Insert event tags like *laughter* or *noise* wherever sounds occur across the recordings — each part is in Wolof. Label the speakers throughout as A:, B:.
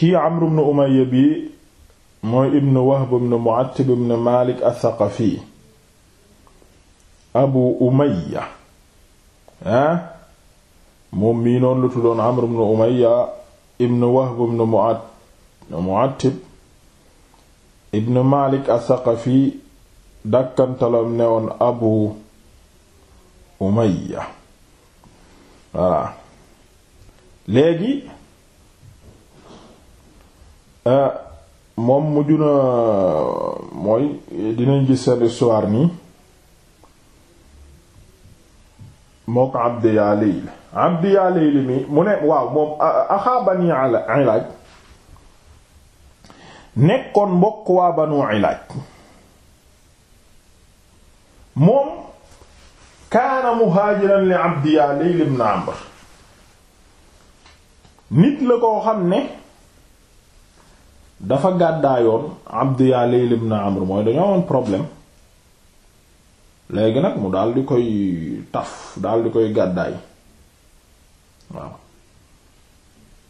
A: kii Amr ibn Umayya bi mooy ibn Wahb ibn Mu'attib ibn Malik ath-Thaqafi Abu Umayya ah moom mii noonu la tuddoon Amr ibn Umayya ibn Wahb ibn Mu'attib ibn Malik ath-Thaqafi dàkkantalam ne woon Abu Umayya voilà Euh, moom mujj na mooy dinañ gis seen histoire nii moo ko Abdi yaa Layl Abdi yaa Layl mi mu ne waaw moom axaa Bani Ilaaj nekkoon mbokk waa Banu Ilaaj moom kaana muhaajiran li Abdi yaa Layl ibn Amr nit la koo xam ne dafa gàddaayoon Abd Ya Layl ibn Amr mooy dañoo amoon problème léegi nag mu daal di koy taf daal di koy gàddaay waaw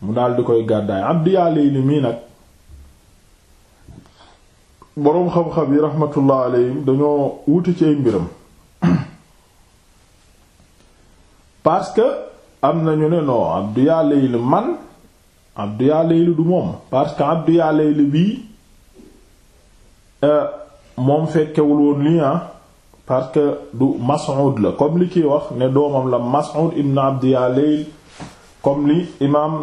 A: mu daal di koy gàddaay Abd Ya Layl mii nag boroom xam-xam yi rahmatullah alayhim dañoo wuti ci ay mbiram parce que am nañu ne non Abd Ya Layl man abdu yaa du moom parce que abdu yaa bii euh, moom fekkewul woon lii ah parce que du Mas'ud la comme li kiy wax ne doomam la Mas'ud ibn abdu yaa comme li imaam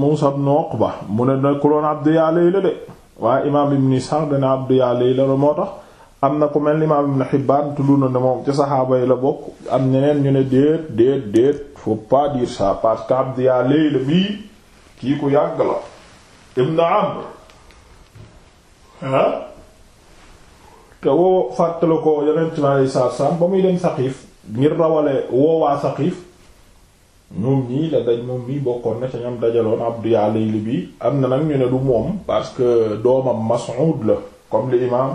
A: Muusa ibn Uqba mu ne nekkuloon abdu yaa layla de waaye imaam ibn Ishaq dana abdu layla la moo tax am na ku mel ni imaam ibn Hibbaan tudd na ne moom ci saxaaba yi la bokk am ñeneen ñu ne déet déet déet faut pas dire ça parce que abdu layla bii kii ku yàgg la ibn amr ah te woo fàttale ko yonent mi alei saatu ba muy dem saqiif ngir rawale woowaa saqiif ñoom ñii la daj moom mii bokkoon na ca ñoom dajaloon abdu yaa layli bi am na nag ñu ne du moom parce que doomam mas'ud la comme li imam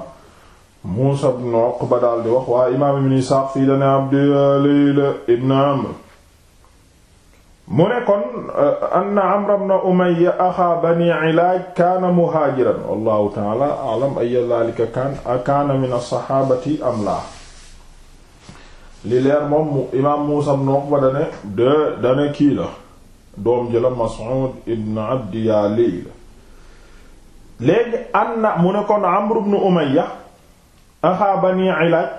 A: muusa ibn uqba daal di wax waa imam ibn isaaq fii dane abdu yaa layla ibn amr mu ne kon eh, anna Amr ibn Umayya axaa bani Ilaaj kaana muhaajiran wallahu ta'ala a'lam ay dhalika kaana kaana min as am laa li leer moom imaam Muusaa ibn Uqba dane de dane kii la doom ji la Mas'uud Abdi Yaali la léegi anna mu ne kon Amr ibn Umayya axaa bani Ilaaj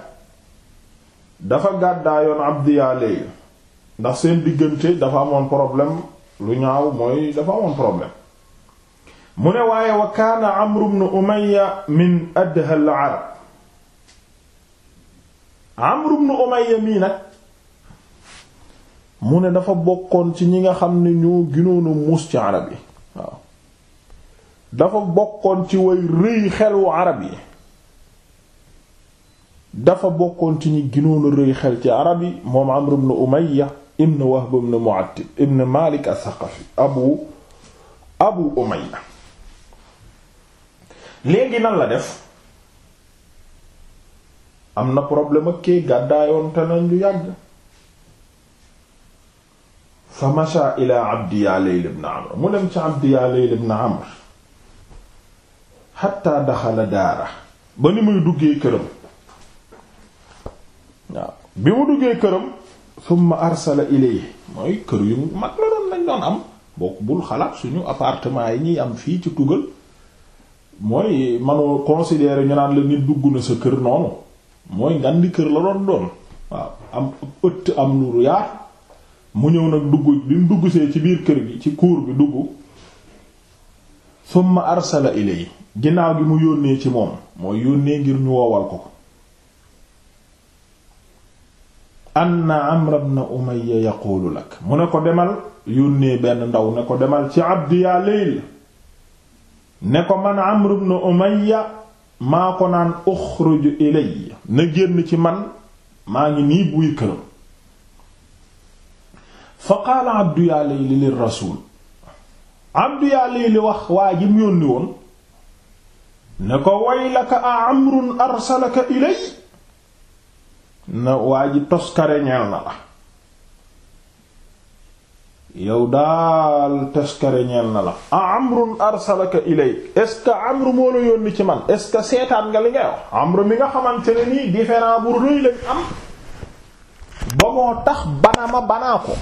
A: dafa gàddaayoon Abdi Yaali ndax seen diggante dafa amoon problème lu ñaaw mooy dafa amoon problème mu ne waaye wa kaana amru bnu umayya mii nag mu ne dafa bokkoon ci ñi nga xam ne ñu ginoonu muus ci arab yi waaw dafa bokkoon ci way rëy xelu arab yi dafa bokkoon ci ñi ginoonu rëy xel ci arab yi moom amru bnu umayya ibn Wahb ibn Mu'attib ibn Malik as-Saqafi abu abu Umayya léegi nan la def am na problème ak kii gàddaayoon te nañ lu yàgg fa masha ila Abdi yaa Layl ibn Amr mu dem ci Abdi yaa Layl ibn Amr hatta daxala daara ba ni muy duggee këram waaw bi mu duggee këram thumma arsala ilayhi mooy kër yu mag la doon lañ doon am bokk bul xalaat suñu appartement yi ñuy am fii ci tugal mooy manoo considérer ñu naan la nit dugg na sa kër noonu mooy ngan di kër la doon doon waaw am ëtt am lu yaar mu ñëw nag dugg bi mu dugg see ci biir kër gi ci cour bi dugg thumma arsala ilayhi ginnaaw gi mu yónnee ci moom mooy yónnee ngir ñu woowal ko anna amra ibn umayya yaqulu lak mu ne ko demal yónnee benn ndaw ne ko demal ci abdi yaa layl ne ko man amr ibn umayya maa ko naan uxruj ilayya na génn ci man maa ngi nii buy këram fa qaala abdu yaa layli lir rasul abdu yaa layli wax waa ji mu woon ne ko waylaka a amrun arsalaka ilay na waa ji toskare ñeel na la yow daal toskare ñeel na la a amrun arsalaka ilay est-ce moo la yónni ci man est-ce que seetaan nga li ngay wax amru mi nga xamante ne nii différent bu rëy lañ am ba moo tax bana ma banaa ko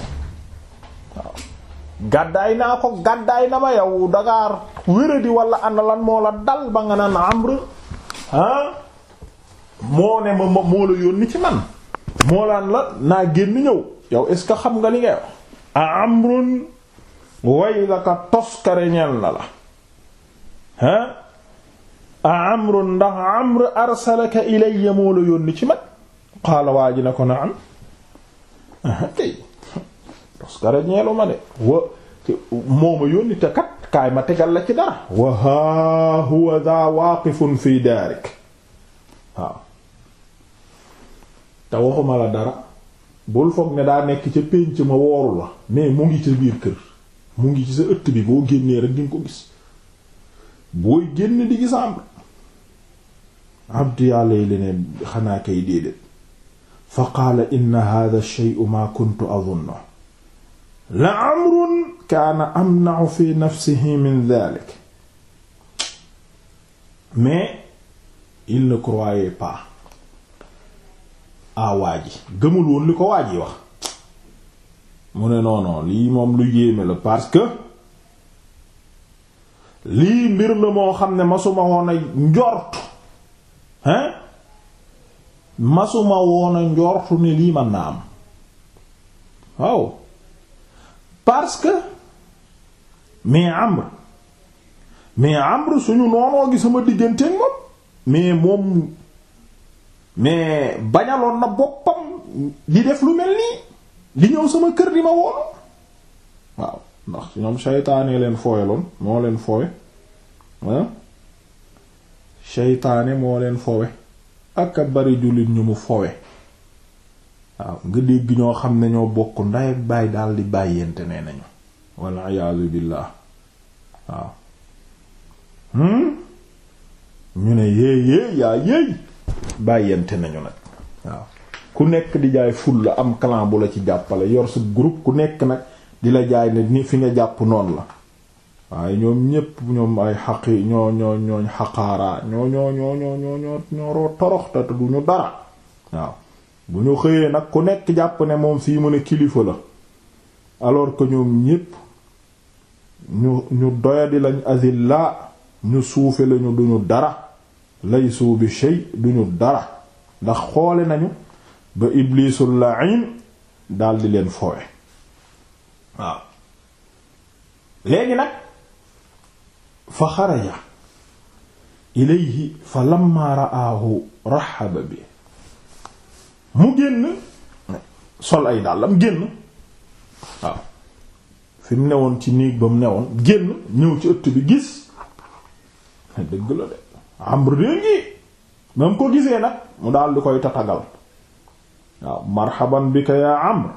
A: gàddaay naa ko gàddaay na ma yow dagaar wéradi wala ana moo la dal ba nga naan amru ah moo ne ma moo la yónni ci man moo la naa génn ñëw yow est ce xam nga li ngay wax a amrun way toskare ñeel na la ah a amrun ndax amr arsalaka ilayya moo la yónni ci man qaala waa ji na ko na am kay toskare ñeelu ma de moo ma yónni te kat kaay ma tegal la ci dara wa haa huwa daa waaqifun fii daarik te waxuma la dara bul foog ne daa nekk ca pénc ma wooru la mais mu ngi ci biir kër mu ngi ci sa ëtt bi boo génnee rek dinga ko gis booy génn di gis am abdu yàlla yi ne xanaa kay déedéet fa qaala inna hadha shay'u ma kuntu adhunnu la amrun kaana amna'u fi nafsihi min dhalik mais il ne croyait pas ah waa ji gëmul woon li ko waa ji wax mu ne non lii moom lu yéeme la parce que lii mbir la moo xam ne masuma woon a njort hein masuma woon a njortu ne lii mën na am waaw parce que mais Amr mais Amr suñu noonoo gi sama diggante moom mais moom mais bañaloon na boppam di def lu mel nii di ñëw sama kër di ma woon waaw ndax ñoom seytaane leen fooyaloon moo leen foowe ah seytaane moo leen foowe ak a bari jullit ñu mu foowe waaw nga dégg ñoo xam ne ñoo bokk nday ak baay daal di bàyyente ne nañu walla iyaazu billaah waaw hmm? ñu ne yéey yéey yaa yéey bàyyente nañu nag waaw ku nekk di jaay ful la am clan bu la ci jàppale yor sa groupe ku nekk nag di la jaay ne ni fi nga jàpp noonu la waaye ñoom ñépp ñoom ay xaqi ñoo ñoo ñooñ ñoo ñoo ñoo ñoo ñoo ñoo torox te du ñu dara waaw bu ñu xëyee nag ku nekk jàpp ne moom fii mu ne kilifa la alors que ñoom ñépp ñu ñu doyadi lañ azilla ñu suufe lañu duñu dara laysu bi shay duñu dara ndax xoole nañu ba iblisul la'in daldi leen foowe waaw léegi nag fa xaraja ilayhi fa lamma ra'aahu raxaba bi mu génn sol ay dàllam génn waaw fi mu newoon ci néeg ba mu newoon génn ñëw ci ëtt bi gis dëgg la de amru dée mu ko gisee nag mu daal di koy tatagal waaw marhaban bika ya amr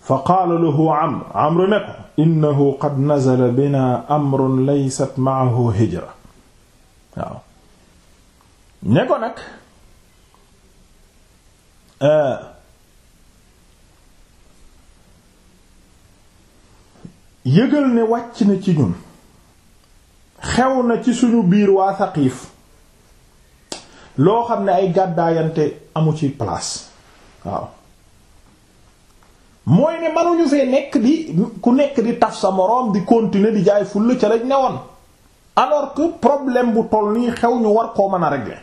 A: fa qaala lahu amr amr ne ko innahu qad nazala bina amrun laysat ma'ahu hijra waaw nag eh, yëgal ne wàcc na ci ñun xew na ci suñu biir waa Saqiif loo xam ne ay gàddaayante amu ci place waaw mooy ne mënuñu fee nekk di ku nekk di taf sa moroom di continuer di jaay fulla ca lañ newoon alors que problème bu toll nii xew ñu war koo mën a régler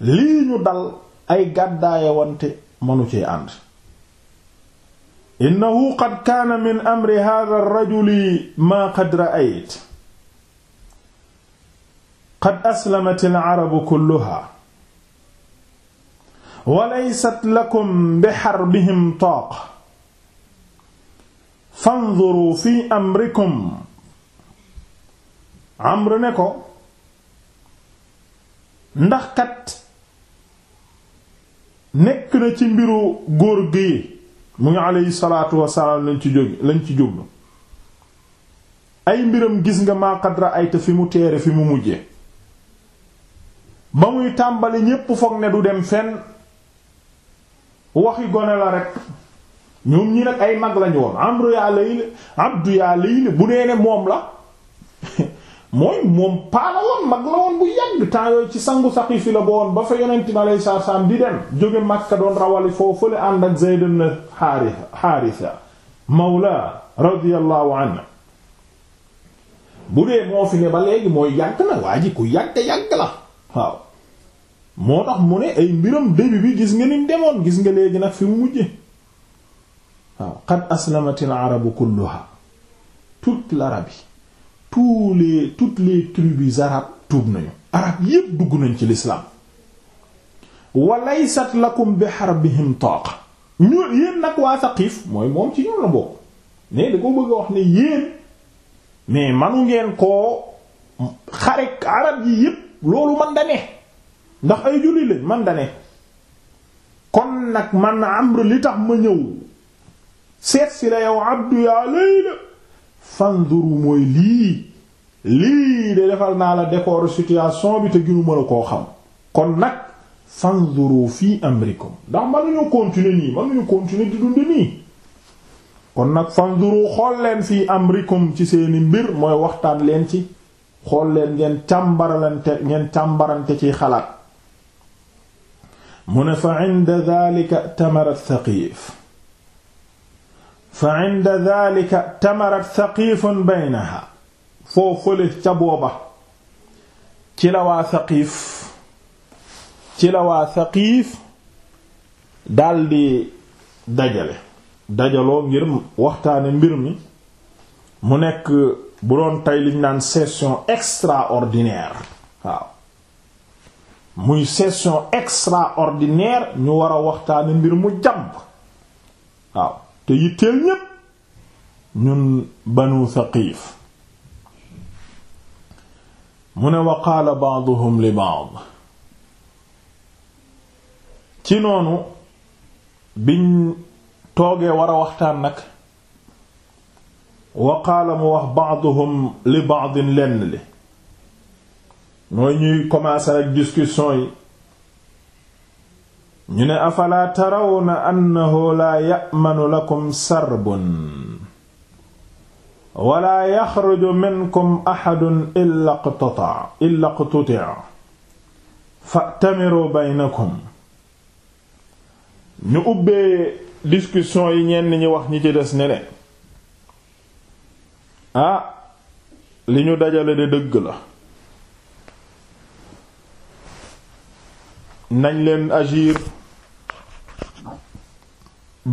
A: lii ñu dal ay gàddaayawante mënu cee ànd innahu qad kaana min amri hadha ar-rajuli maa qad ra'ayt qad aslamat al-arabu kulluha wa laysat lakum biharbihim taaqa fanzuru fi amrikum amr ne ko ndax kat nekk na ci mbiru góor gi mu ngi alayhi salaatu wasalaam lañ ci jóg lañ ci jóg ay mbiram gis nga maa qad ra'ayta fi mu teere fi mu mujje ba muy tàmbali ñépp foog ne du dem fenn waxi gone la rekk ñoom ñi nag ay nag lañu woon amru yaa layl abdu yaa layl bu nee ne moom la mooy moom paa la mag la woon bu yàgg temps ci sangu Saqiif la bowoon ba fa yonent mi alayhi salaatu salaam di dem jóge Makka doon rawali foofu fële ànd ak Zayd ibn Haarisa mawla radiyallahu anhu bu dee moo fi ne ba léegi mooy yàgg na waa ji yàgg yàgg la waaw moo tax mu ne ay mbiram début bi gis nga ni mu demoon gis nga léegi nag fi mu mujje waaw qad aslamatil arabu kulluha tous les toutes les tribus arabes tuub nañu arab yépp dugg nañ ci l'islam walaysat lakum bi harbihim taaqa ñu yéen nag waa Saqiif mooy moom ci ñoom la bokk mais di ko bëgg a wax ne yéen mais manu ngeen koo xare arab yi yépp loolu man da ne ndax ay julli lañ man da ne kon nag man Amr li tax ma ñëw seet si la yow Abdu yaa layla fanzuru mooy lii lii de defal naa la décor situation bi te ginu mën koo xam kon nag fanzuru fii amrikum ndax mënuñu continuer continuer di dund nii kon nag fanzuru xool leen fii amrikum ci seeni mbir mooy waxtaan leen ci xool leen ngeen càmbaralante ngeen càmbarante ci xalaat mu ne fa inda dhalika tamarat thaqif fa inda dhalika tamarat thaqifun baynaha foo fële ca booba ci la waa thaqif ci la waa thaqif daldi dajale dajaloo ngir waxtaane mbir mi mu nekk bu doon tey liñ naan session extraordinaire waaw muy session extraordinaire ñu wara a mbir mu jàmb waaw te yitteel ñépp ñun banu Saqiif mu ne wa qaala ba'duhum li ba'd ci noonu biñ toogee war a waxtaan nag wa qaala mu wax ba'duhum li ba'din lenn li mooy ñuy commencer ak discussion yi ñu ne afalaa tarawna annahu laa ya'manu lakum sarbun walaa yaxruju minkum axadun illa qtata illa qtutia fa'tamiru ñu ubbee discussion yi ñenn ñi wax ñi ci des ne ne ah li ñu dajale de dëgg la nañ leen agir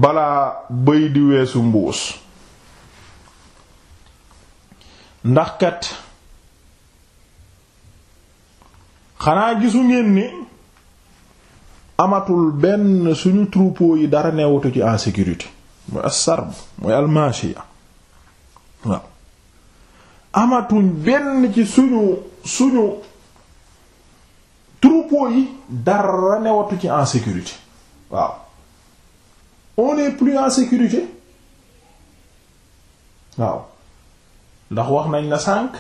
A: balaa bëy di weesu mbuus ndax kat xanaa gisu ngeen ni amatul benn suñu troupeau yi dara neewatu ci en sécurité mooy as-sarb mooy al-mashiya waaw amatuñ benn ci suñu suñu troupeau yi dara neewatu ci en sécurité waaw on est plus en sécurité waaw ndax wax nañ la sànq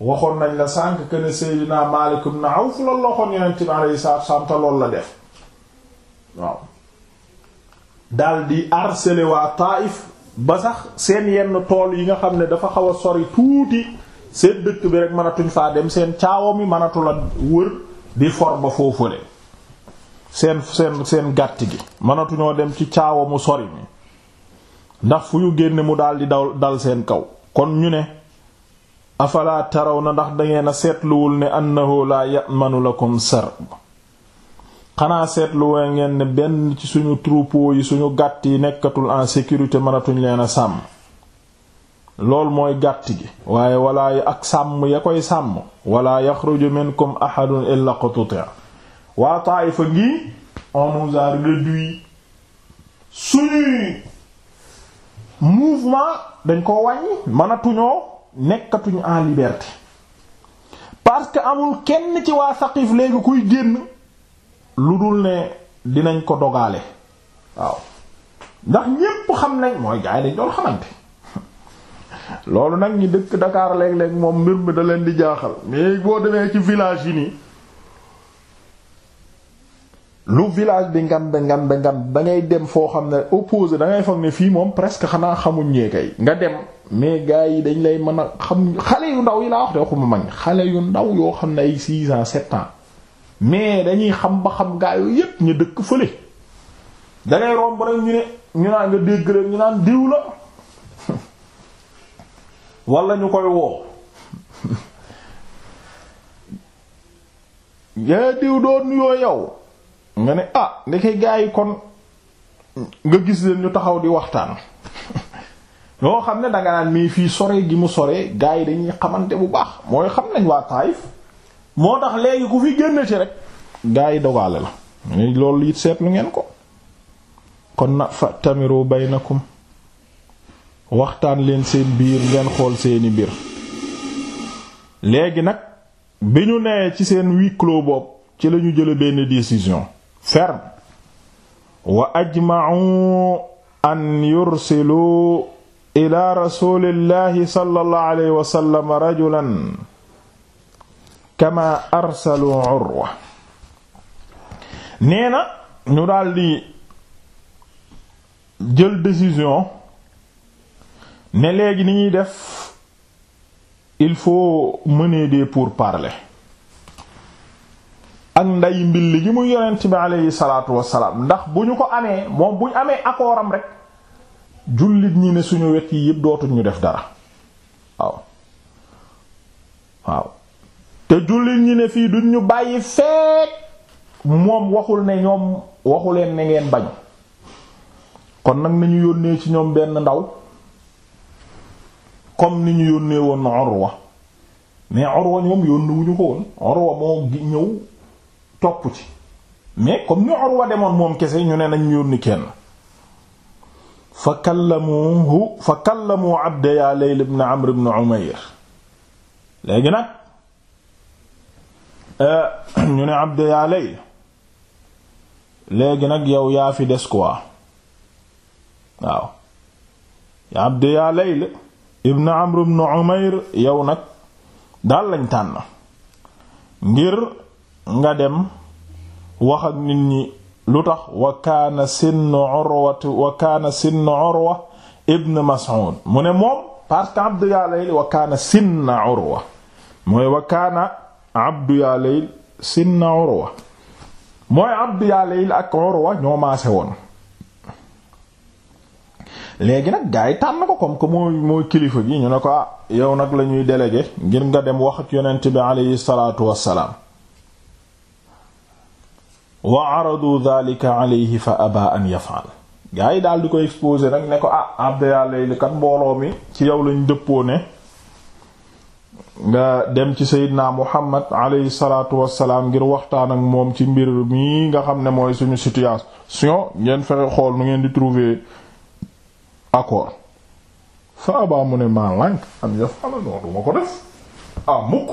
A: waxoon nañ la sànq que ne Seydina Maalik ibn Awf loolu la waxoon Yonent bi alayhi salaatu wassalaam te la def waaw dal di harceler waa Taïf ba sax seen yenn tool yi nga xam ne dafa xaw a sori tuuti seen dëkk bi rek mënatuñ faa dem seen caawa mi mënatula la wër di for ba foofule. seen seen seen gàtt gi mënatuñoo dem ci caawa mu sori mi ndax fu yu génne mu daldi dal seen kaw kon ñu ne afalaa taraw na ndax dangeen a seetluwul ne annahu laa ya'manu lakum sarb xanaa seetluwee ngeen ne benn ci suñu troupeau yi suñu gàtt yi nekkatul en sécurité mënatuñ leen a sàmm lool mooy gàtt gi waaye walaa ak sàmm ya koy sàmm walaa yaxruju minkum ahadun illa qututi'a waa Taayif ngi on nous a réduit suñuy mouvement dañ ko wàññi mënatuñoo nekkatuñu en liberté parce que amul kenn ci waa Saqif léegi kuy génn lu dul ne dinañ ko dogale waaw ndax ñépp xam nañ mooy gaay dañ doon xamante *laughs* loolu nag ñi dëkk Dakar léeg-léeg moom mbir mi da leen di jaaxal mais boo demee ci village yi nii lu village bi ngambe ngambe ngambe da ngay dem foo xam ne opposé da ngay foog ne fii moom presque xanaa xamuñ ñee kay nga dem mais gars yi dañ lay mën a xam xale yu ndaw yi laa wax de waxuma mag xale yu ndaw yoo xam ne ay six ans sept ans mais dañuy xam ba xam gaa yooyu yépp ñu dëkk fële da ngay romb rek ñu ne ñu naan nga dégg rek ñu naan diw la *laughs* wala ñu koy woo *laughs* yaa diw doon nuyoo yow. nga ne ah ndeke gaa yi kon nga gis leen ñu taxaw di waxtaan yoo *laughs* xam ne danga naan mais fii sore gi mu sore gaa yi dañuy xamante bu baax mooy xam nañ waa Taayif moo tax léegi ku fi génn ci rek gaa yi dogaale la ni loolu it seetlu ngeen ko kon na fa tamiru baynakum waxtaan leen seen biir ngeen xool seeni biir léegi nag bi ñu nee ci seen huis clos boobu ci lañu jële benn décision ferme wa ajma'u an yursilu ila rasulillahi rajulan kama arsalu urwa nee ñu daldi jël décision ne léegi ni ñuy def il faut mener des pourparlers ak nday mbilli gi muy yonent bi aleyhi salaatu wassalaam ndax bu ñu ko amee moom buñ amee akooram rek jullit ñi ne suñu wet yi yëpp dootul ñu def dara waaw waaw te jullit ñi ne fii duñ ñu bàyyi feek moom waxul ne ñoom waxuleen ne ngeen bañ kon nag ñu yónnee ci ñoom benn ndaw comme ni ñu yónnee woon Urwa mais Urwa ñoom yónnuwuñu ko woon Urwa moo ñëw topp ci mais comme ni Urwa demoon moom kese ñu ne nañ yónni kenn fa kallamuhu fa kallamu abda ya Layl ibn Amr ibn Umayr léegi nag euh, ñu ne abda ya Layl léegi nag yow yaa fi des quoi waaw ya abda ya Layl ibn Amr ibn Umayr yow nag daal lañ tànn ngir nga dem wax ak nit ñi lu tax wa kaana sinnu urwatu wa kaana sinnu urwa ibn mas'ud mu ne moom parce que abdu yaa layl wa kaana sinna urwa mooy wa kaana abdu yaa layl sinna urwa mooy abdu yaa layl ak urwa ñoo maase woon léegi nag gars yi tànn ko comme que mooy mooy kilifa gi ñu ne ko ah yow nag la ñuy délégué ngir nga dem wax ak yonent bi aleyhi salaatu wassalaam wa aradu dhalika alayhi fa aba an yaf'al gaa yi daal di ko exposé nag ne ko ah abda yàlla kat mbooloo mi ci yow lañ dëppoo ne nga dem ci seydina muhammad alayhi salaatu wassalaam ngir waxtaan ak moom ci mbir mii nga xam ne mooy suñu situation ngeen fexe xool nu ngeen di trouver accord fa abaa mu ne maa lànk am noonu ma ko def ah mukk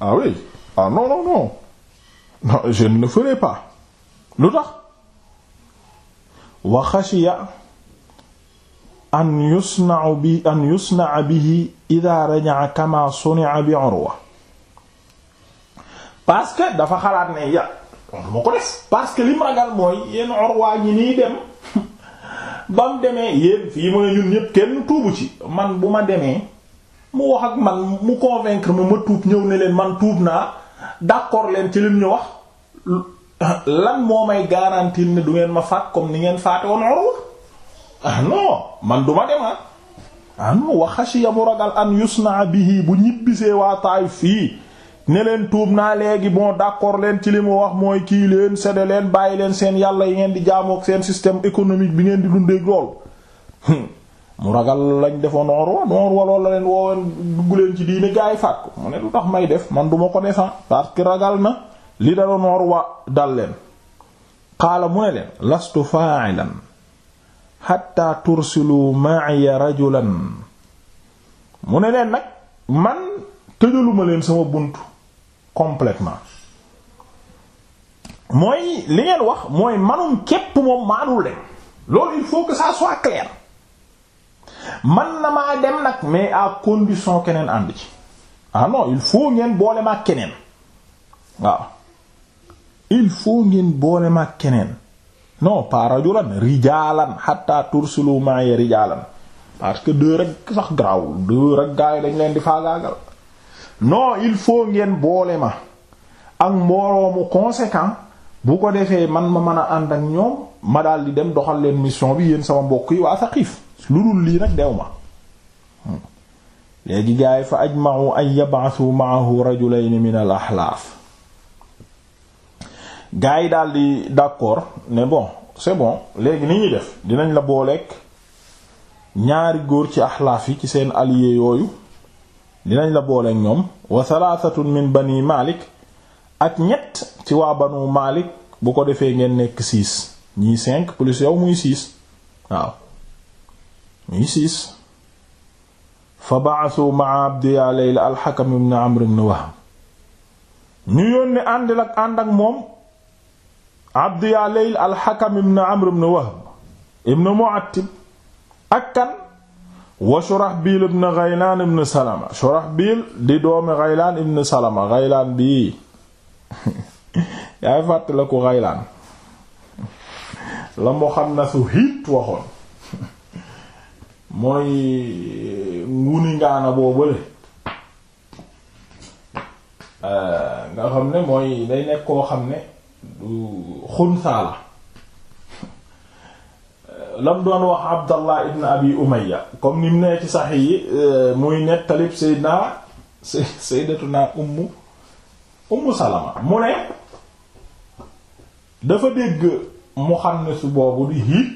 A: ah oui ah non non non je lu tax wa an yusna'u bi an yusna'a bihi idha raja'a kama suni'a bi Urwa parce dafa xalaat ne ya ma ko def parce que lim ragal mooy yéen Urwa ñi nii dem *laughs* ba demee yéen fii mu ñun ñépp kenn tuubu ci man bu ma demee mu wax ak man mu convaincre ma ma tuub ñëw ne leen man tuub naa d'accord leen ci lim ñu wax lan moo may garantil ne du ngeen ma faat comme ni ngeen faate woon ah non man duma dem ah ah non wa mu ragal an yusna bihi bu ñibbisee waa fii ne leen tuub naa léegi bon d'accord leen ci li mu wax mooy kii leen sede leen bàyyi leen seen yàlla yi ngeen di jaamook seen système économique bi ngeen di dundeek lool hmm. mu ragal lañ defoon noor wa noor wa loolu la leen woowoon leen ci diine gaa yi faat ko mu ne lu tax may def man du ma ko defan ah. parce que ragal na li daloon noor wa dal leen qaala mu ne leen lastu fa'ilan nag man tëjaluma leen sama bunt complètement mooy li ngeen wax mooy manum képp moom maanul leen loolu il faut que ça soit clair man na maa dem nag mais à condition keneen ànd ci ah non il faut ngeen boole ma keneen waaw il faut ngeen boole ma keneen non pas rajulan rijaalan hatta tursilu ma'i rijaalan parce que deux rek sax garaawul deux rek gaa dañ leen di faagaagal non il faut ngeen boole ma ak mbooloomu conséquent bu ko defee man ma mën a ànd ak ñoom ma daal di dem doxal leen mission bi yéen sama mbokk yi waa Saqif lu dul lii nag deew ma hmm. léegi gaay fa ajma'u an yab'athu ma'ahu rajulayni min al ahlaaf gaay yi daal di d'accord ne bon c'est bon léegi ni ñuy def dinañ la booleek ñaari góor ci axlaaf yi ci seen allié yooyu dinañ la booleeg ñoom wa thalathatun min bani malik ak ñett ci waa banu malik bu ko defee ngeen nekk six ñii cinq plus yow muy six waaw ñuy siis fa ba'athu ma'a Abdiya Layla al-Hakam ibn Amr ibn Wahb ñu yónni ànd ak ànd ak moom Abdiya Layla al-Hakam ibn Amr ibn Wahb ibn Mu'attib ak kan wa Shurahbil ibn Ghaylan ibn Salama Shurahbil di doomi Ghaylan ibn Salama Ghaylan bii *laughs* yaay fàttaliku Ghaylan la Muxannasu Hiit waxoon mooy nguni ngaana boobale euh, nga xam ne mooy day nekk koo xam ne du xunsaa la euh, lam doon wax abdallah ibn abi umayya comme ni nee ci sax yi euh, muy nettalib sayyidina sayyidatuna ummu ummu salama mu ne dafa dégg mu xam ne su boobu di hiit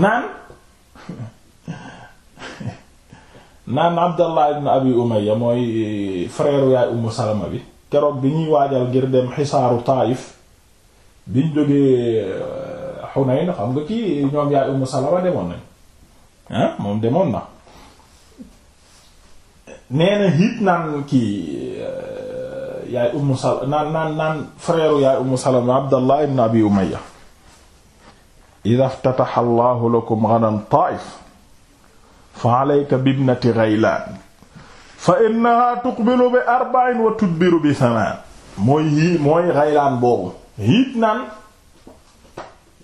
A: naan *laughs* naan Abdallah ibn Abi Umayya mooy frère yaay Ummu Salama bi keroog bi ñuy waaja ngir dem xisaaru Taayif biñ jógee Xunayn euh, xam nga kii ñoom yaay Ummu Salama demoon moom demoon na nee na hiit naan kii euh, yaay Ummu Salama naan naan naan frère yaay Ummu Abdallah ibn Abi Umayya idha iftataha Allahu lakum ghadan Taayif fa alayka bibnati Ghaylaan fa innaha tuqbilu bi arba'in wa tudbiru bi samaan mooy yii boobu hiit naan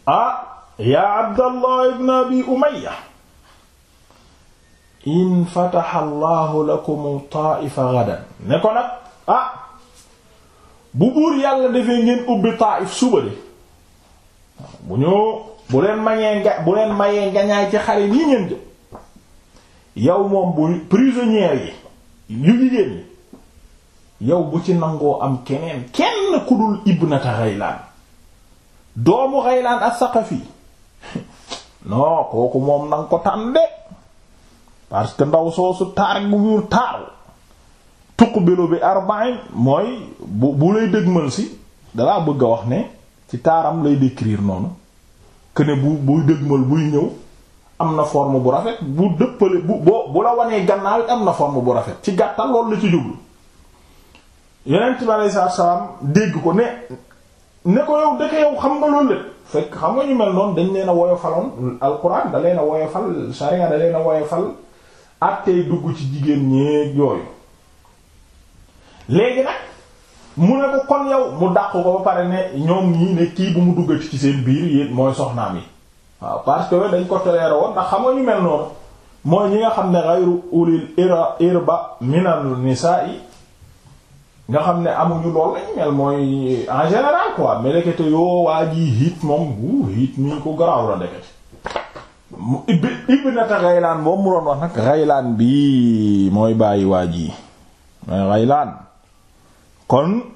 A: ah yaa Abdallah ibn Abi Umayya in fataha Allahu lakum Taa'ifa ghadan ne ko nag ah bu buur yàlla defee ngeen ubbi Taa'if suba de bu ñoo bu leen mayee nga bu ci xare yi ngeen jëm yow moom bu prisonniers yi yu jigéen ñi yow bu ci nangoo am keneen kenn ku dul ibnata Ghaylaan doomu Ghaylaan as-Saqafi *laughs* non kooku moom nanga ko tànn de parce que ndaw soosu taar bu ñuul taaru tuqbilu bi arba'in mooy bu bu lay dëgmal si dalaa bëgg a wax ne ci taaram lay décrire noonu que ne bu buy dëgmal buy ñëw am na forme bu rafet bu dëppale bu bu la wanee gannaaw it am na forme bu rafet ci gàttal loolu la ci jublu yonent bi aleyhi salaam dégg ko ne ne ko yow dëkk yow xam nga loolu lépp fekk xam nga ñu mel noonu dañ leen a woyofaloon alxuraan da leen a woyofal sariya da leen a woyofal àttee dugg ci jigéen ñeeg yooyu léegi nag mu ne ko kon yow mu dàq ko ba pare ne ñoom ñii ne kii bu mu duggati ci seen biir yéen mooy soxnaam yi waaw parce que dañ ko toléré woon ndax xam nga ñu mel noonu mooy ñi nga xam ne ghayru ulil irba minal nisa'i nga xam ne amuñu lool lañ mel mooy en général quoi melekete yoo waa ji hit moom bu mu doon wax nag Ghaylaan bi mooy bàyyi waa ji mooy Ghaylaan kon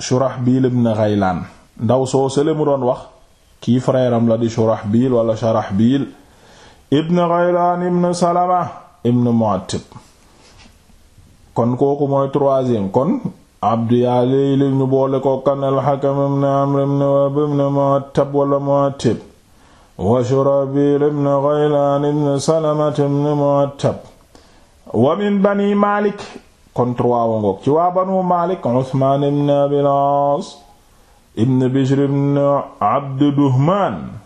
A: Shurahbil ibn Ghaylaan ndaw soo sële mu doon wax kii frère am la di Shurahbil wala Sharahbil ibn Ghaylan ibn Salama ibn Mu'attib kon kooku mooy troisième kon Abdu yaa Layl ñu boole ko kan al-Hakam ibn Amr ibn Wahb ibn Mu'attab wala Mu'attib wa Shurahbil ibn Ghaylan ibn Salama ibn Mu'attab wa min Bani Malik kon trois wa ngoog ci waa Banu Malik Usman ibn Abil As ibn bishr ibn abd duhman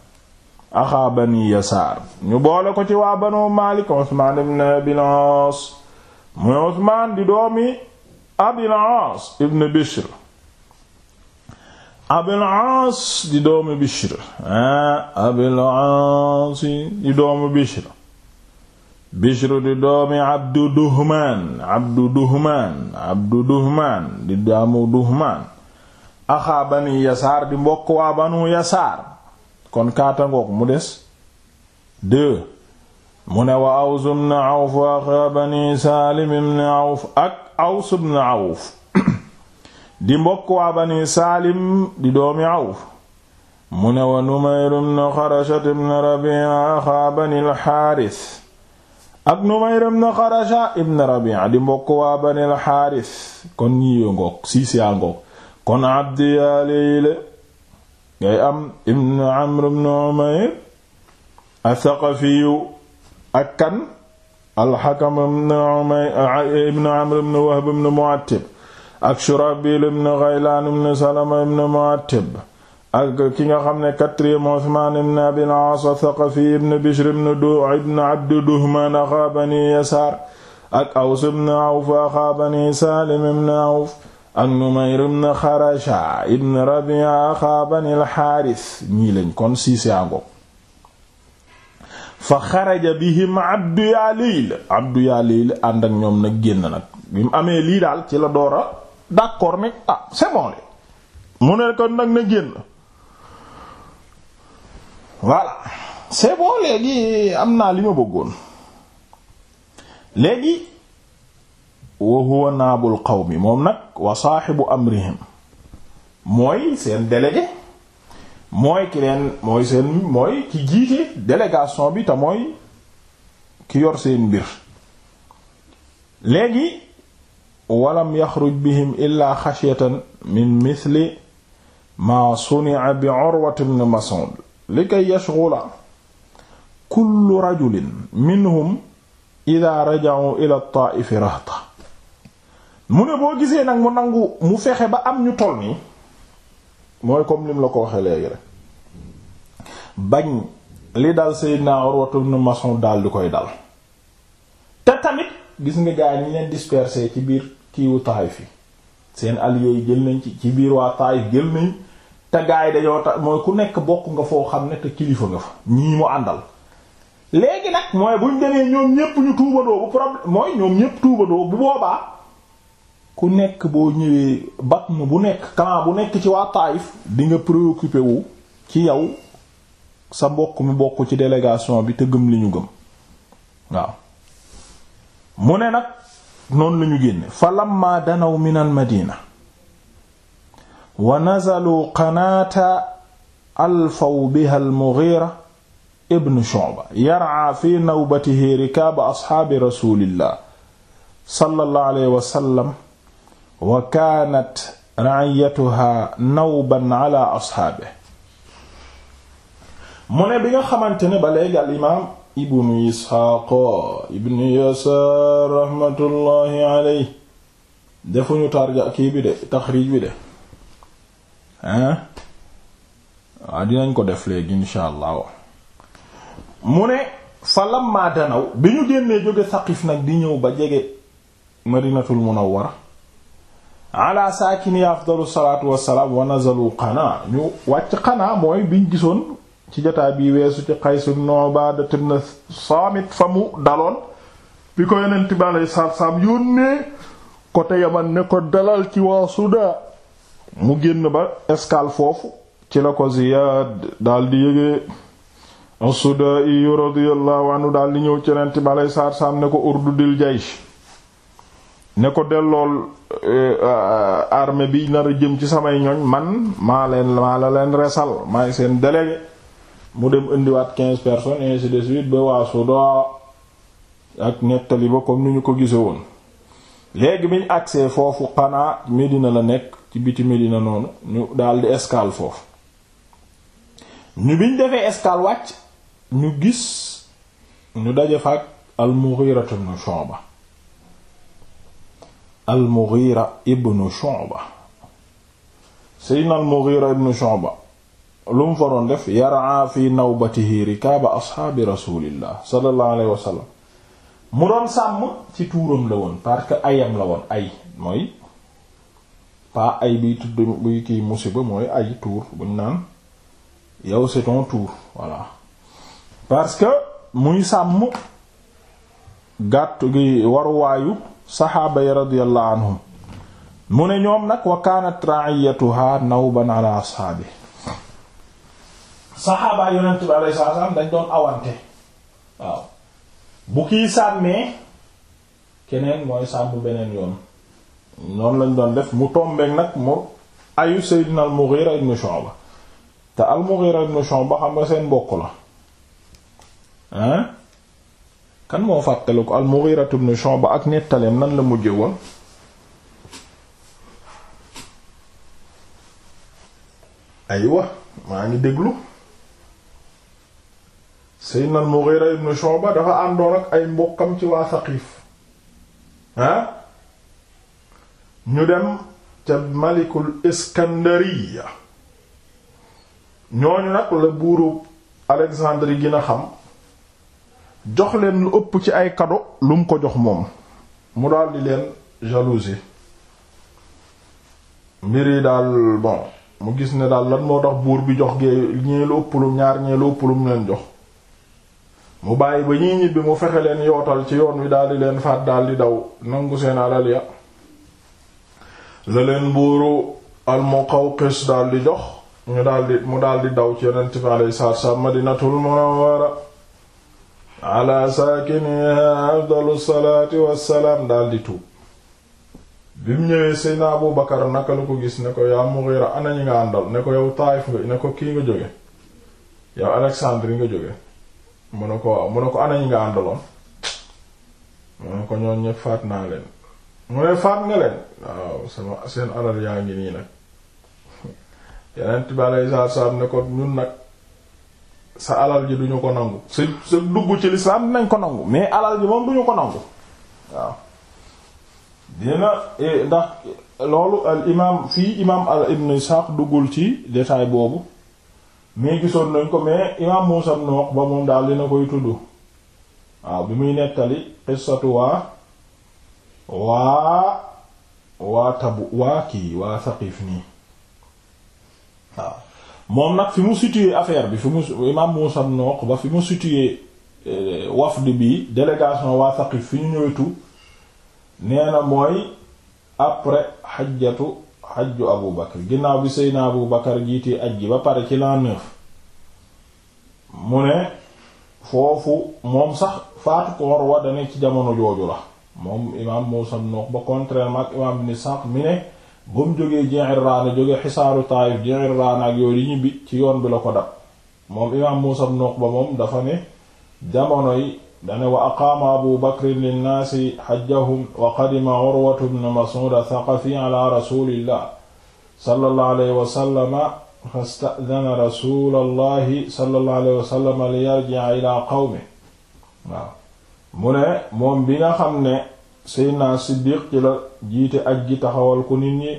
A: axaa bani yasaar ñu boole ko ci waa banu malik usmaan ibn abil aas di doomi abil aas ibn bishr abil aas di doomi bishr ah abil di doomi bishr Bishr di doomi Abdu Duhmaan Abdu Duhmaan di daamu Duhmaan axaa bani yasaar di mbokk waa banu yasaar kon kaatangook mu des mu ne wa aws ibn axaa bani saalim ibn awf ak aws ibn *coughs* di mbokk waa bani saalim di doomi awf mu ne wa numayr xarashat ibn rabia axaa bani alxaaris ak numayr ibn xarasha ibn rabia bani alxaaris kon ñii yoo ngook siis kon abdi yaa layle ngay am ibn amr ibn umayr athaqafiyu ak kan alxakam ibn umayr ibn amr ibn wahb ibn mu'attib ak shurabil ibn ghaylan ibn salama ibn mu'attib ak ki nga xam ne quatrième uthman ibn abil aas athaqafi ibn bishr ibn du ibn abd duhman axaa bani yasaar ak aws ibn awf axaa bani salim ibn awf ak Numayr ibn Xarasha ibn Rabi'a axaa Xaaris ñii lañ kon siisango fa xaraja bihim Abdu yaa Layl Abdu yaa ak ñoom na génn nag bi mu amee lii daal ci la door a d'accord nag ah c'est bon na génn léegi am naa li ma bëggoon léegi wa huwa naabul qawmi moom nag wa saaxibu amrihim mooy seen délégué mooy ki leen mooy seen mooy ki jiite délégation bi te mooy ki yor seen mbir léegi walam yaxruj bihim illaa xashyatan min mithli maa suni'a bi Urwat ibn Mas'ud likay yashghula kullu rajulin minhum idha raja'u ila at-Taa'if rahta mu ne boo gisee nag mu nangu mu fexe ba am ñu toll nii mooy comme lim la ko waxee léegi rek bañ li dal Seydina Urwatu ibn Mas'ud daal di koy dal te tamit gis ngi gaa yi ñu leen dispersé ci biir kiiwu Taayif yi seen alliés yi jël nañ ci ci biir waa Taayif jël nañ te gaa yi dañoo ta mooy ku nekk bokk nga foo xam ne te kilifa nga fa ñii mu àndal léegi nag mooy buñ demee ñoom ñépp ñu tuubandoo bu problème mooy ñoom ñépp tuubandoo bu boobaa ku nekk boo ñëwee batn bu nekk clan bu nekk ci waa Taayif di nga préoccupé wu ci yow sa mbokk mi bokk ci délégation bi te gëm li ñu gëm waaw mu ne nag noonu la ñu génne fa lamma danaw min al madina wa nazalu qanaata alfaw biha al mughira ibn shu'ba yar'a fi nawbatihi rikaaba ashaabi rasulillah sallallahu alayhi wa kaanat ra'iyatuha nawban ala asxaabe mu ne bi nga xamante ne ba léegi al imaam ibnu isxaaqa ibnu yasaar raxmatullaahi aley defuñu tarja kii bi de taxriij bi de hein waa dinañ ko def léegi insha mu ne fa lamma danaw bi ñu génnee jóge saqif nag di ñëw ba jege madinatul munawwara ala saakini afdalu salaatu wassalaam wa nazalu ñu wàcc Qanaa mooy biñ gisoon ci jotaay bi weesu ci Qays ibn Ubaada ibn Saamit fa mu daloon bi ko Yonent bi alayhi salaatu salaam yónnee Yaman ne ko dalal ci waa Sudaa mu génn ba escale foofu ci la ko Ziyaad daldi yége as-Sudaa'i radiyallahu anhu daldi ñëw ci Yonent bi alayhi salaatu ne ko urdudil jaysh ne ko dellool eh, eh, armee bi nar a jëm ci samay ñoñ man maa leen maa la leen resal maay seen délégué mu dem indiwaat quinze personnes et ainsi de suite ba waa Soudan ak nettali ba comme ni ñu ko gise woon léegi biñ agsee foofu xanaa Médina la nekk ci biti Médina noonu ñu daldi escale foofu ñu defee escale wàcc ñu gis ñu daje fa ak al-Mughira al-Mughira ibn Shu'ba seydna al-Mughira ibn Shu'ba lu mu fa doon def yaraa fi nawbatihi rikaaba asxaabi rasulillah sallallahu alayhi mu doon sàmm ci tuuram la woon parce que ayam la woon ay mooy pas ay biy tudd buy kiy musiba mooy ay tuur buñ naan yow c'est ton tour parce que muy sàmm gàtt gi waruwaayu saxaaba yi radiyallahu anhum mu ne ñoom nag wa kaanat ra'iyatuha nawban ala ashaabi saxaaba yonent bi alayhi salaam dañ doon awante waaw bu kii sàmmee keneen mooy sàmm beneen yoon noonu lañ doon def mu tombeek nag mu ayu Seydina al-Mughira xam nga seen mbokk la nan moo fàttale ko al-Mughira ibn Shu'ba ak nettaleem nan la mujje woon aywa maa ngi déglu Seydina al-Mughira ibn Shu'ba dafa àndoon ak ay mbokkam ci waa Saqiif ah ñu dem ca Malikul Iskandariya ñooñu nag la buuru Alexandrie gën a xam jox leen lu ëpp ci ay kado lu mu ko jox moom mu daal leen jalousie mbir yi daal bon mu gis ne daal lan moo tax buur bi jox gee ñee lu ëpp lu ñaar ñee lu ëpp lu mu leen jox mu bàyyi ba ñii ñibbi mu fexe leen yootal ci yoon wi daal di leen faat daal di daw nangu seen alal ya la leen buuru al-Muqawqis daal di jox ñu daal di mu daal di daw ci yonent bi alayhi salaatu wa salaam Madinatul Munawwara ala saakiniha afdalu salaati wassalaam daldi tuub bi mu ñëwee Seydina Abu Bakar naka la ko gis ne ko yaa Mughira ana ñi nga àndal ne ko yow Taayif nga ne ko kii nga jóge yow Alexandre nga jóge mu ne ko mu ne ko ana ñi nga àndaloon mu ne ko ñoon ñëpp faat naa leen mu ne faat nga leen waaw sama seen alal yaa ngi nii nag *laughs* yeneen tibe alay saab saab ne ko ñun nag sa alal ji duñu ko nangu sa sa dugg ci lislaam dinañ ko nangu mais alal ji moom duñu ko nangu waaw dina e, ndax loolu al imaam fii imaam al ibn Isaaq duggul ci détail boobu mais gisoon nañ ko mais imaam Muusaa ibn Uqba moom daal dina koy tudd waaw bi muy nettali qissatu waa waa waa tabu waa kii waa Saqiif nii waaw moom nag fi mu situé affaire bi fi mu imam Muusa nook ba fi mu situé eh, wafd bi délégation waa Saqif fi ñu ñëwetu nee na mooy après xajjatu xajju Abu Bakar ginnaaw bi Seydina Abu Bakar jiitee aj ji ba pare ci l'an neuf mu ne foofu moom sax faatu ko war wa ci jamono jooju la moom imam Muusa ibn Uqba contrairement ak imam Ibn Sa'd ne ba mu jógee Ji'irraana jóge xisaaru Taayif Ji'irraana ak yooyu ñibbi ci yoon bi la ko dab moom imaam Muusaa ibn Uqba moom dafa ne jamonoy dane wa aqaama abu bakrin linnaasi xajjahum wa qadima urwatu bnu masuud athaqafi ala rasulillah sallallahu alayhi wa sallama fasta'dana rasulallahi sallallahu ila qawmi mu ne moom bi nga xam ne seydna siddiq ci la jiite aj gi taxawal ko nit ñi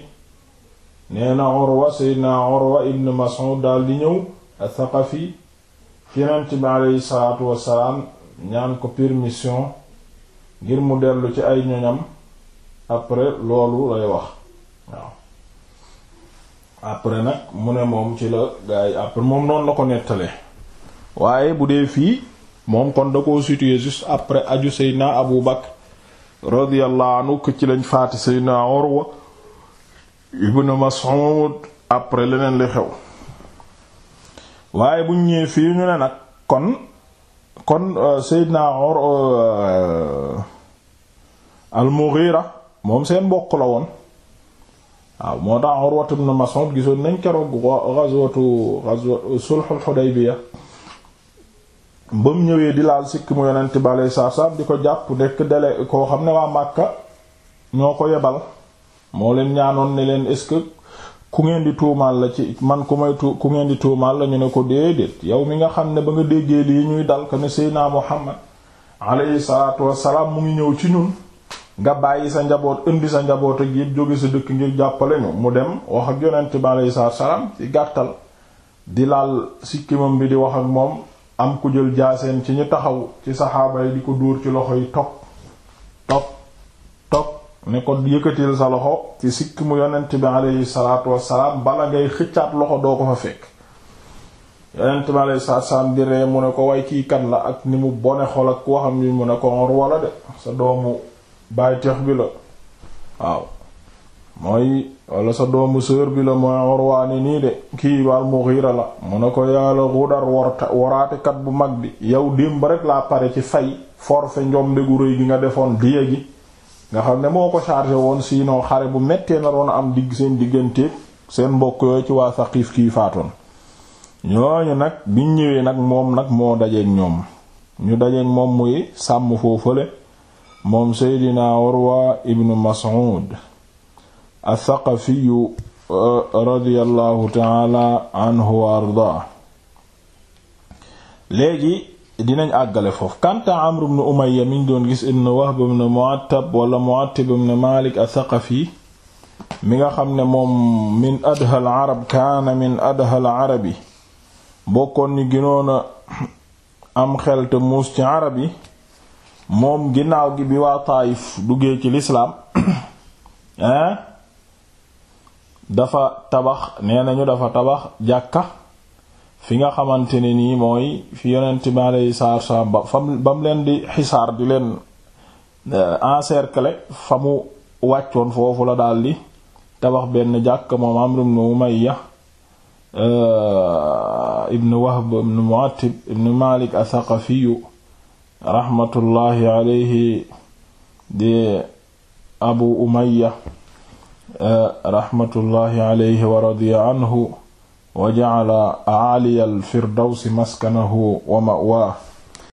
A: nee na urwa seydna urwa ibn mas'ud di ñëw athaqafi yonent bi aleyhi salaatu wasalaam ñaan ko permission ngir mu dellu ci ay ñoñam après loolu lay wax waaw après nag mu ne moom ci la gaa après moom noonu la ko nettalee waaye bu dee fii moom kon da koo situé juste après aju seydna abu bakr radiyallahu anhu ko ci lañ faati sayyidina Urwa ibnu Mas'ud après leneen li xew waaye buñ ñëwee fii ñu ne nag kon kon euh, sayyidina Urwa euh, al-Mughira moom seen mbokk la woon waaw moo tax Urwa ibnu Mas'ud gisoon nañ keroog ghazwatu ghazwatu sulhul Hudaybiya ba mu ñëwee di laal sikk mu yonent bi aleyhi salaatu salaam di ko jàpp nekk dele koo xam ne waa màkk ñoo ko yebal moo leen ñaanoon ne leen est-ce que ku ngeen di tuumaal la ci man ku may tu ku ngeen di tuumaal la ñu ne ko déedéet yow mi nga xam ne ba nga déggee lii ñuy dal ko ne Seydina Muhammad aleyhi salaatu wassalaam mu ngi ñëw ci ñun nga bàyyi sa njaboot indi sa njaboot ak yépp jóge sa dëkk ngir jàppale ñu mu dem wax ak yonent bi aleyhi salaatu wassalaam ci gàttal di laal sikkimam bi di wax ak moom am ku jël jaaseen ci ñu taxaw ci saxaaba yi di ko dóor ci loxo yi toog toog toog ne ko yëkkatil sa loxo ci sikk mu yonent bi aleyhi salaatu wassalaam bala ngay xëccaat loxo doo ko fa fekk yonent bi aleyhi salaatu di ree mu ne ko way kii kan la ak ni mu bone xol ak waxam yi mu ne ko Urwa walla de sa doomu baay teex bi la waaw mooy wala sa doomu sœur bi la mooy Urwaani nii de kii wal Mughira la mu ne ko yàlla xudar warta woraatekat bu mag bi yow démb rek laa pare ci fay forfait njombe gu rëy gi nga defoon diye gi nga xam ne moo ko chargé woon sinon xare bu mettee na doon am digg seen digganteeg seen mbokk yooyu ci waa Saqiif kii faatoon ñooñu nag biñ ñëwee nag moom nag moo dajeeg ñoom ñu dajeeg moom muy sàmm foofale moom Seydina Urwa ibnu Mas'ud althaqafiyu radiallahu taala anhu wa ardaa léegi dinañ àggale foofu kanta amru bnu umaya miñ doon gis ibn wahb ibn mu'attab wala mu'attib ibn malik athaqafi mi nga xam ne moom min adhal arab kaana min adhal arabi bokkoon ñu ginoona *clears throat* am xel te muus ci arab moom ginnaaw gi bi waa taayif duggee ci lislaam *clears throat* hein dafa tabax nee nañu dafa tabax jàkka fi nga xamante ne nii mooy fi yonent bi alayhi salaatu wa salaam ba mu leen di xisaar di leen eh, encercler fa mu wàccoon foofu la daldi tabax benn jàkk moom Amr ibn Umayya eh, ibn Wahb ibn Mu'attib ibn Malik as-Saqafiyu rahmatullahi alayhi di Abu Umayya raxmatullahi alayhi wa radiya anhu wa ja'ala a'ali al-firdawsi maskanahu wa ma'waahu